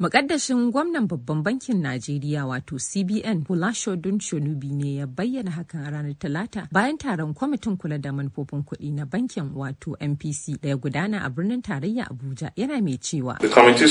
Mukaddashin gwamnan babban bankin Najeriya wato CBN Olusegun Shonubi ne ya bayyana hakan ranar Talata bayan taron kwamitin kula da manufofin kuɗi na bankin wato MPC da ya gudana a birnin tarayya Abuja yana mai cewa. Kwamitin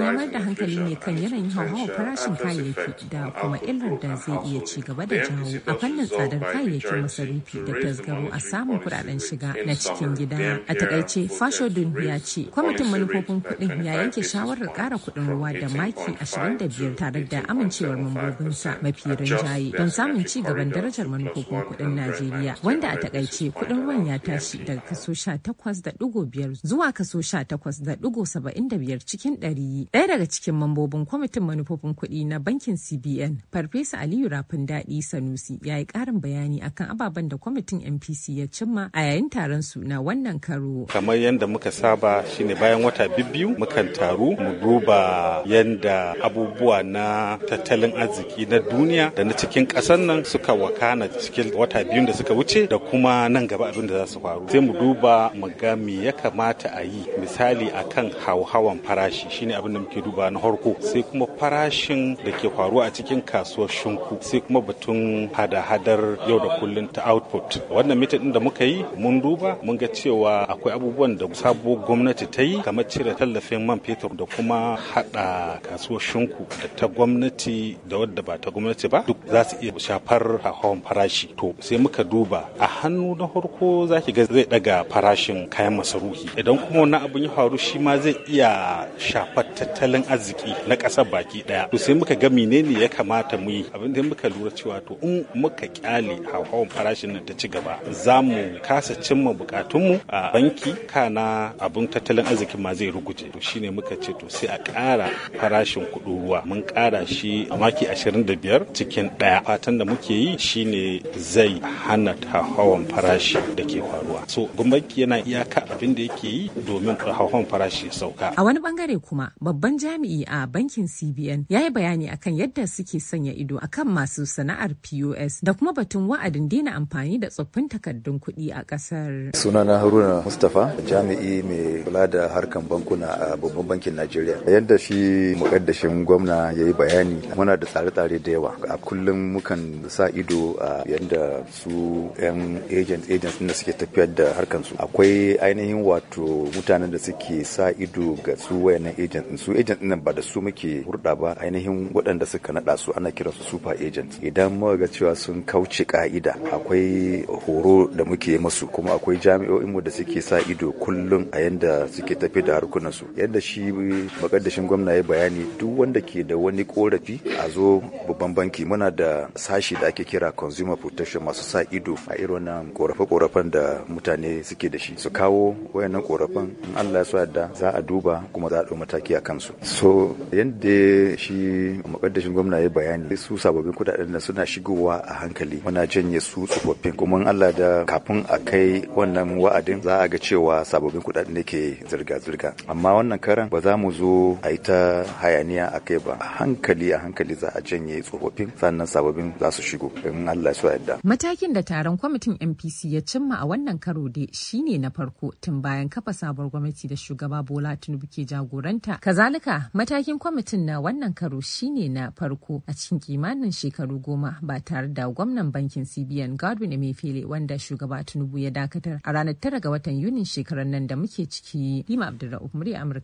ya mayar da hankali ne kan yanayin hauhawar farashin kayayyaki da kuma illar da zai iya ci gaba da jawo a fannin tsadar kayayyakin masarufi da tasgaro a samun kuɗaɗen shiga na cikin gida. A takaice Fashodun ya ce kwamitin manufofin kuɗin ya yanke shawarar ƙara kuɗin ruwa da maki 25 tare da amincewar mambobinsa mafi rinjaye don samun ci gaban darajar manufofin kuɗin Najeriya wanda a takaice kuɗin ruwan ya tashi daga kaso 18.5 zuwa kaso 18.75 cikin ɗari. Ɗaya daga cikin mambobin kwamitin manufofin kuɗi na bankin CBN, Farfesa Aliyu Rafin Daɗi Sanusi ya yi ƙarin bayani akan ababen da kwamitin MPC ya cimma a yayin taron su na wannan karo. Kamar yadda muka saba shine bayan wata biyu mukan taru mu duba yadda abubuwa na tattalin arziki na duniya da na cikin ƙasar nan suka wakana cikin wata biyun da suka wuce da kuma nan gaba abin da za su faru sai mu duba mu ga me ya kamata a yi misali akan hauhawan farashi shine abin da muke duba na harko sai kuma farashin da ke faruwa a cikin kasuwar shinku sai kuma batun hada-hadar yau da kullun ta output wannan mitin din da muka yi mun duba mun ga cewa akwai abubuwan da sabuwar gwamnati ta yi kamar cire tallafin matsayin man fetur da kuma hada kasuwar shinku da ta gwamnati da wadda ba ta gwamnati ba duk za su iya shafar hawan farashi to sai muka duba a hannu na farko za ki ga zai daga farashin kayan masarufi idan kuma wani abin ya faru shi ma zai iya shafar tattalin arziki na ƙasa baki daya to sai muka ga menene ya kamata mu yi abin da muka lura cewa to in muka kyale hawan farashin nan ta ci gaba za mu kasa cimma bukatunmu a banki kana abin tattalin arzikin ma zai ruguje shine muka ce to sai a ƙara farashin kuɗin ruwa mun ƙara shi a maki 25 cikin ɗaya fatan da muke yi shine zai hana hawan farashi da ke faruwa so gwamnati yana iyaka abin da yake yi domin hawan farashi sauka a wani bangare kuma babban jami'i a bankin cbn ya yi bayani akan yadda suke sanya ido akan masu sana'ar pos da kuma batun wa'adin daina amfani da tsoffin takardun kuɗi a ƙasar sunana haruna mustapha jami'i mai kula da harkan bankuna a babban bankin najeriya yadda shi mukaddashin gwamna ya yi bayani muna da tsare-tsare da yawa a kullum mukan sa ido a yadda su yan agents agents da suke tafiyar da harkansu akwai ainihin wato mutanen da suke sa ido ga su wayannan agent su agent nan ba da su muke hurɗa ba ainihin waɗanda suka naɗa su ana kiransu super agent idan muka ga cewa sun kauce ka'ida akwai horo da muke masu kuma akwai jami'o'in mu da suke sa ido kullum a yanda suke tafiyar da harkunansu yadda shi makaddashin gwamna ya bayani duk wanda ke da wani korafi a zo babban banki muna da sashi da ake kira consumer protection masu sa ido a irin wannan korafe-korafen da mutane suke da shi su kawo wayannan korafen in Allah ya yarda za a duba kuma za a ɗau mataki a kansu so yadda shi makaddashin gwamna ya bayani su sababbin kudaden da suna shigowa a hankali muna janye su tsofaffin kuma Allah da kafin a kai wannan wa'adin za a ga cewa sababbin kudaden ne ke zirga-zirga amma wannan wannan karan ba za mu zo a yi ta hayaniya a kai ba a hankali a hankali za a janye tsofaffin sannan sababbin za su shigo in Allah ya yadda. matakin da taron kwamitin MPC ya cimma a wannan karo dai shine na farko tun bayan kafa sabuwar gwamnati da shugaba Bola Tinubu ke jagoranta kazalika matakin kwamitin na wannan karo shine na farko a cikin kimanin shekaru goma ba tare da gwamnan bankin CBN Godwin Emefiele wanda shugaba Tinubu ya dakatar a ranar tara ga watan Yunin shekarar nan da muke ciki Lima Abdulrahman Murya Amurka